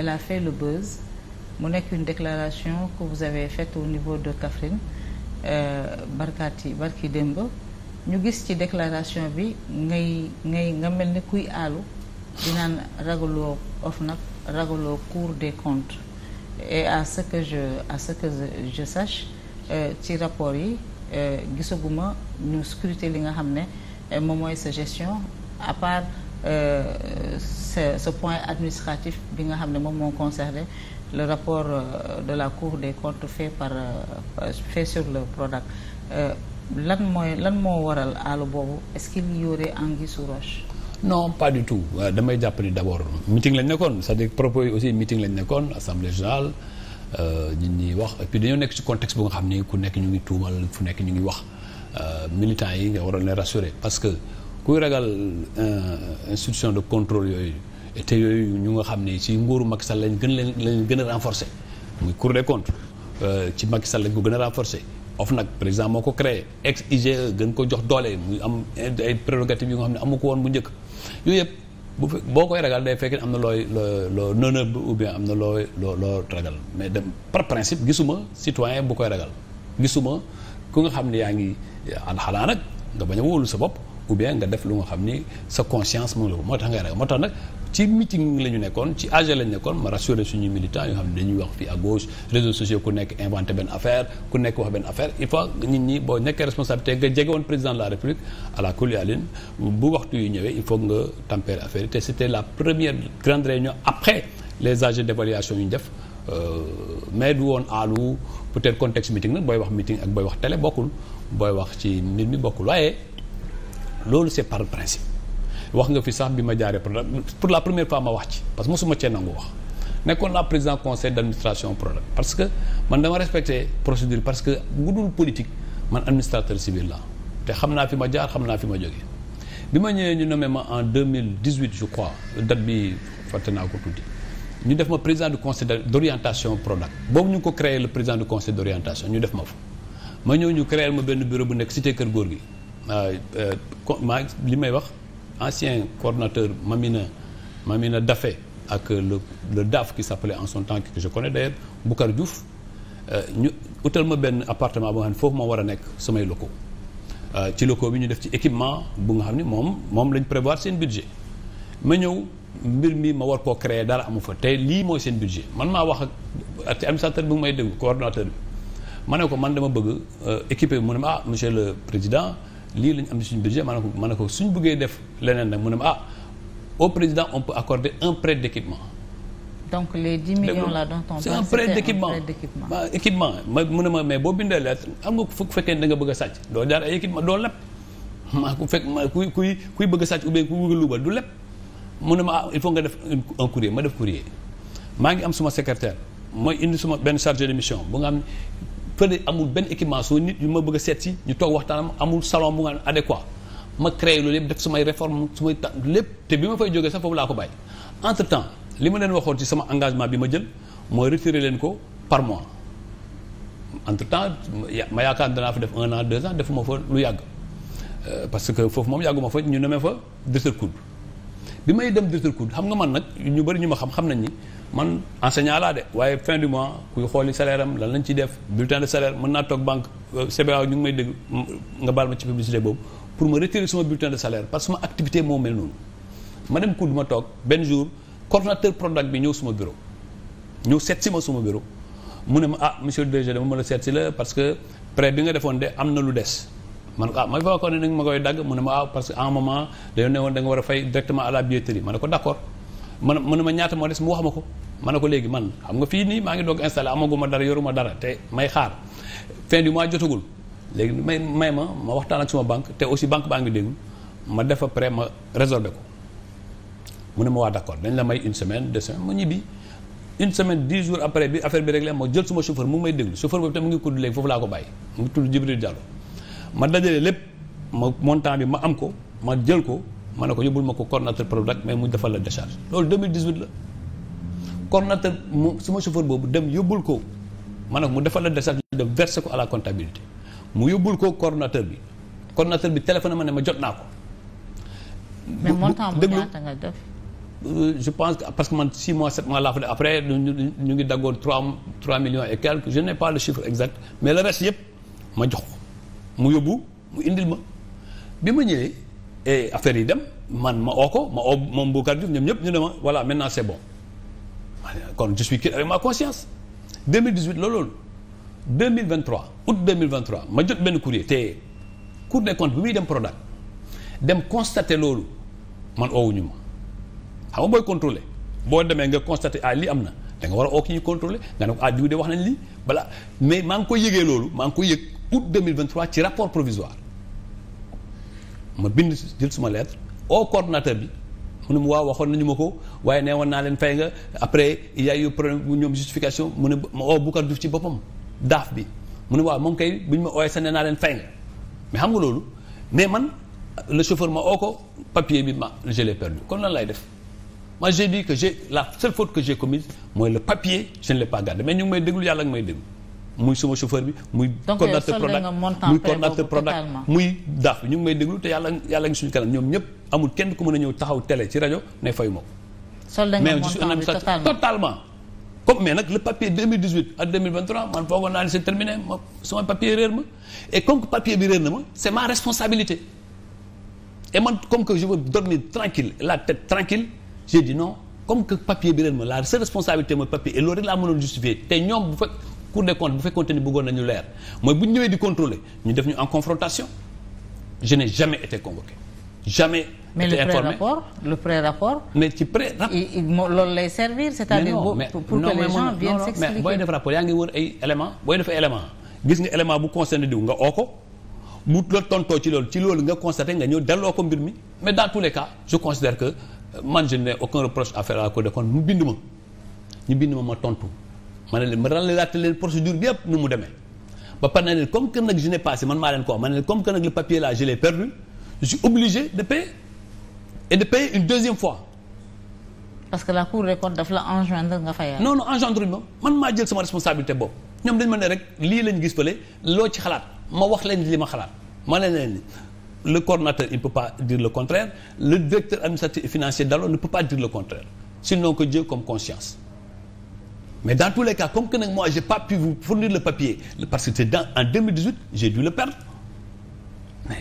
elle a fait le buzz mu nekk une déclaration que vous avez faite au niveau de Kaffrine euh, barkaati barki démb ñu gis ci déclaration bi ngay ngay nga mel ni kuy aalu dinaan ragaloo OFNAC ragaloo Cour des comptes et à ce que je à ce que je sache euh, ci rapport yi euh, gisaguma ñu scruter li nga xam ne moom mooy sa gestion à part Euh, ce ce point administratif bi nga xam ne moom moo concerné le rapport euh, de la cour des comptes fait par euh, fait sur le Prodac lan mooy lan moo waral àll boobu est-ce qu'il y aurait anguille sous roche. non pas du tout damay jàpp ni d'abord meeting lañ nekkoon cest dire propos yi aussi meeting lañ nekkoon assemblée générale nit ñi wax et puis dañoo nekk ci contexte bu nga xam ni ku nekk ñu ngi tuumal fu nekk ñu ngi wax militants yi nga waroon leen rassurer parce que. kuy ragal euh, institution de contrôle yooyu te yooyu ñu nga xam ne ci nguuru Macky Sall lañ gën leen lañ gën a renforcer muy cour des comptes euh, ci Macky Sall lañ ko gën a renforcer OFNAC président moo ko créé ex IGE gën ko jox doole muy am ay prérogatives yu nga xam ne amu ko woon bu njëkk yooyu yëpp bu boo koy ragal day fekke am na looy loo loo nënëb ou bien am na looy loo loo ragal mais dem par principe gisuma citoyen bu koy ragal gisuma ku nga xam ne yaa ngi xanaa nag nga sa bopp. ou bien nga def lu nga xam ni sa conscience moom la ko moo tax nga ne moo tax nag ci meeting la ñu nekkoon ci AG la ñu nekkoon ma rassuré suñu militants yoo xam ne dañuy wax fii à réseaux sociaux ku nekk inventé benn affaire ku nekk wax benn affaire il faut nit nekkee responsabilité nga jege woon président de la république à la kulialine bu waxtu yu ñëwee il faut nga tempérer affaire te c' la première grande réunion après les AG d' euh, woon aalu peut être contexte meeting nag booy wax meeting ak wax télé bokkul booy loolu c'est par principe wax nga fi sax bi ma jaaree Prodac pour la première fois ma wax ci parce que mosuma cee nangu wax nekkoon naa président conseil d'administration Prodac parce que man dama respecté procédure parce que bu dul politique man administrateur civil la te xam naa fi ma jaar xam naa fi ma jógee bi ma ñëwee ñu nommé ma en 2018 je crois date bi fàtte naa ko tuuti ñu def ma président du conseil d'orientation Prodac boobu ñu ko créé le président du conseil d'orientation ñu def ma fa ma ñëw ñu créé ma benn bureau bu nekk cité Kër Góor gi Euh, euh, maa li may wax ancien coordonnateur Mamina Mamina Daffé ak le le DAF qui s'appelait en son temps que je connais d'ailleurs Boucar Diouf euh, ñu utal ma benn appartement boo xam ne foofu ma war a nekk samay locaux ci locaux bi ñu def ci équipement bu nga xam ne moom moom lañ prévoir seen budget ma ñëw mbir mi ma war koo créer dara amu fa tey lii mooy seen budget man maa wax ak am administrateur bi may déglu coordonnateur bi ma ne ko man dama bëgg équipe bi mu ah, monsieur le président lii la ñu am ci suñu budget ma ko ma ne ko suñu bëggee def leneen nag mu ne ma ah au président on peut accorder un prêt d'équipement. donc les 10 millions là dont on parle, c'est un prêt d'équipement ma mu ne ma mais boo bindee lettre am nga ku fekkee da nga bëgg sàcc doo jaar ay équipement doo lepp maa ku fekk kuy kuy kuy bëgg a sàcc ou bien ku bëgg a luubal du lepp mu ne ma ah il faut nga def un courrier ma def courrier maa ngi am suma secrétaire mooy indi suma benn chargé de mission bu nga fële amul benn équipement su nit yu ma bëgg a seet si ñu toog waxtaanam amul salon bu nga adéquat ma créé loolu yëpp def sumay réforme su may ta lépp te bi ma fay jógee sax foofu laa ko bàyyi entre temps li ma leen waxoon ci sama engagement bi ma jël mooy retiré leen ko par mois entre temps ma yaakaar danaa fa def un an deux ans defuma fa lu yàgg euh, parce que foofu moom yàgguma fa ñu nemee fa de secours bi may dem directeur cour xam nga man nag ñu bëri ñu ma xam xam nañ ni man enseignant laa de waaye fin du mois kuy xooli salaire am lan lañ ciy def bulletin de salaire mën naa toog banque euh, CBAO ñu ngi may dégg nga baal ma ci publicité boobu pour ma retirer sama bulletin de salaire parce que sama activité moo mel noonu ma dem cour ma toog benn jour coordonnateur Prodac bi ñëw suma bureau ñëw seet si ma suma bureau mu ne ma ah monsieur le DG dama mën a seet si parce que prêt bi nga defoon de am na lu des ma ne ko ah ma fekkoon ne ni nga ma koy dagg mu ne ma waaw ah, parce que en moment dañoo ne woon da nga war a fay directement ma ko ma ko léegi man xam nga fii nii maa ngi doog installé amaguma dara yoruma dara te may xaar fin du mois jotagul léegi may may ma ma waxtaan ak suma banque te aussi banque baa ngi déglu ma def après ma résorbé ko mu ne ma waa d' accord dañ la may une semaine deux semaines ma ñibbi une semaine dix jours après bi affaire bi réglé ma jël suma chauffeur mu may déglu chauffeur boobu tam mu ngi tudd léegi foofu laa ko bàyyi mu tudd Jibril Diallo ma dajale lépp ma montant bi ma am ko ma jël ko ma ne ko yóbbul ma ko coordonnateur Prodac mais mu defal la décharge loolu 2018 la coordonnateur mu ma chauffeur boobu dem yóbbul ko ma ne ko mu defal la décharge ñu dem verser ko mu yóbbul ko coordonnateur bi coordonnateur bi téléphone ma ne ma jot naa ko. mais montant bu ñaata nga def euh, je pense que parce que man 6 mois 7 mois laa fa def après ñu ngi daggoon 3 millions et je n'ai pas le chiffre exact mais la reste yëpp ma jox ko. mu yóbbu mu indil ma bi ma ñëwee eh, affaire yi dem man ma oo ko ma oo moom Boucar Diouf ñoom ñëpp ñu ne ma voilà maintenant c'est bon kon je suis quitte avec ma conscience 2018 loolu 2023 août 2023 ma jot benn courrier te Cour des comptes bi muy dem Prodac dem constater loolu man oowuñu ma xam nga booy contrôler boo demee nga constater ah lii am na da nga war a oo ki ñuy contrôler nga ne ko ah diw de wax nañ lii balaa mais maa ngi koy yëgee loolu maa ngi koy yëg. août 2023 ci rapport provisoire ma bind jël suma lettre au coordonnateur bi mu ne mu waaw waxoon nañu ma ko waaye nee woon naa leen fay nga après il y a eu problème bu ñoom justification mu ne ma oo Boucar Diouf ci boppam daaf bi mu ne waaw moom kay bu ñu ma ooyee sax nee naa leen fay nga mais xam nga loolu mais man le chauffeur ma oo ko papier bi ma je l'ai perdu kon lan lay def moi j'ai dit que j'ai la seule faute que j'ai commise mooy le papier je ne l'ai pas gardé mais yàlla nga may déglu muy suma chauffeur bi muy euh, coordinateur Prodac muy coordinateur Prodac ñu ngi may déglu te yàlla yàlla ngi suñu kanam ñoom ñëpp amul kenn ku mën a ñëw taxaw télé ci rajo ne fay ma ko mais je suis un administrateur totalement comme mais nag le papier 2018 ak 2023 man foogoon naa ni c'est ma sama papier réer ma et comme que papier bi réer na ma c'est ma responsabilité et man comme que je veux dormir tranquille la tête tranquille j'ai dit non comme que papier bi réer ma la seule responsabilité mooy papier et loolu rek cour de comptes bu fekkoonte ni bëggoon nañu leer mooy bu ñu ñëwee di contrôler ñu def ñu en confrontation je n'ai jamais été convoqué jamais mais été informé mais le pré-rapport mais ci pré-rapport. lay servir c'est-à-dire pour que les gens viennent s'expliquer def rapport yaa ngi wër ay éléments booy def ay éléments gis nga élément bu concerné diw nga oo ko bu la tontoo ci loolu ci loolu nga constaté nga ñëw delloo ko mbir mi mais dans tous les cas je considère que euh, man je n'ai aucun reproche à faire à la Cour des mu bind ma ñu bind ma ma tontu. ma ne leen ma ràllalaate leen procédure bi yëpp nu mu demee ba pare na leen comme que nag je n'ai pas passé man maa leen ko wax ma ne leen comme que nag le papier là je perdu je suis de payer et de payer une deuxième fois. parce que la cour des comptes daf la engendre nga fayaat. non non engendre ma man maa jël sama responsabilité boobu ñoom dañ ma ne rek lii lañ gis fële loo ci xalaat ma wax leen li ma xalaat ma ne leen ni le coordonnateur il ne peut pas dire le contraire le directeur administratif le contraire sinon que Dieu comme conscience. mais dans tous les cas comme que nag moi j'ai pas pu vous fournir le papier parce que c'est dans en 2018 j'ai dû le perdre euh,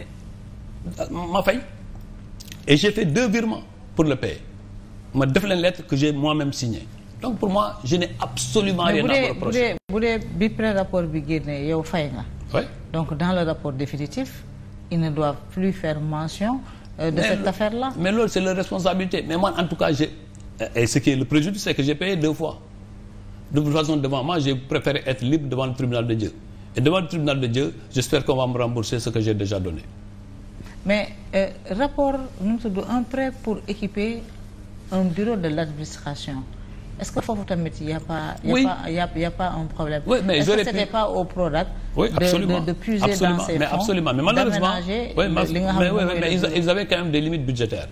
ma fay et j'ai fait deux virements pour le payer ma def leen lettre que j'ai moi-même signée donc pour moi je n'ai absolument rien à me reprocher bu bi pré-rapport bi génnee yow fay nga oui donc dans le rapport définitif ils ne doivent plus faire mention euh, de mais cette affaire là mais loolu c'est leur responsabilité mais en tout cas j'ai euh, et ce qui est le fois de toute façon devant moi j'ai être libre devant le tribunal de Dieu et devant le tribunal de Dieu j'espère qu'on va me rembourser ce que j'ai déjà donné mais euh, rapport nu mu tudd un prêt pour équiper un bureau de l'administration est-ce que foofu tamit y a pas y a oui. pas y a, y a pas un au Prodac de, de, de puiser absolument mais malheureusement oui, mais, mais, quand même des limites budgétaires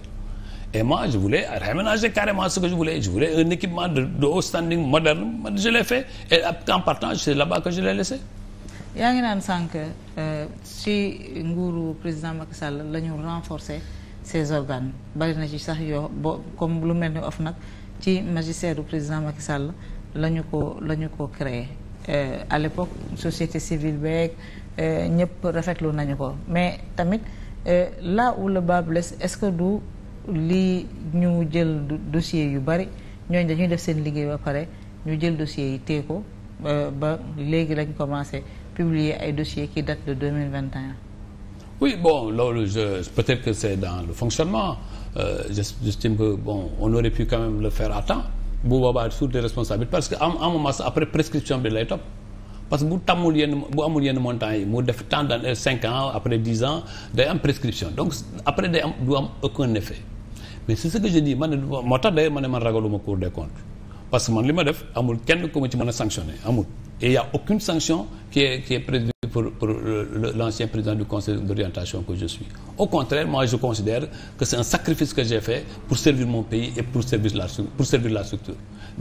Et moi, je voulais réaménager carrément ce que je voulais. un équipement de, de moderne. Je l'ai fait. Et en partant, c'est là-bas yaa ngi naan sànq euh, si nguuru président Macky Sall la ñu renforcer ses organes bari na ci sax yoo bo comme lu mel ni nag ci magistère président Macky Sall lañu ko la ñu ko créé euh, à l'époque société civile beeg euh, ñëpp rafetlu nañu ko mais tamit là où le bas est-ce que du lii ñu jël dossier yu bari ñooñ dañuy def seen liggéey ba pare ñu jël dossier yi tee ko ba léegi lañ commencé publier ay dossiers qui datent de deux mille vingt et un bon loolu je peut-être que c'est dans le fonctionnement euh, j'estime que bon on aurait pu quand même le faire à temps bu boobaa sous des responsabilités parce que am en moment après prescription bi lay top parce que bu tàmmul yenn bu amul yenn montant yi mu def temps dans euh, cinq ans après dix ans am prescription donc après day am du am aucun mais c'est ce que je dis man ne moo tax day man ne man ragaluma cour des comptes parce que man li ma def amul kenn ku ma ci a sanctionné amul et il y a aucune sanction qui est qui est prévue pour pour l'ancien président du conseil d'orientation que je suis au contraire moi je considère que c'est un sacrifice que j'ai fait pour servir mon pays et pour servir la pour servir la structure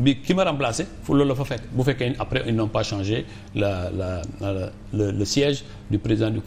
bi ki ma remplacé fu loolu fa fekk bu fekkee après ils n'ont pas changé la la le, le siège du président du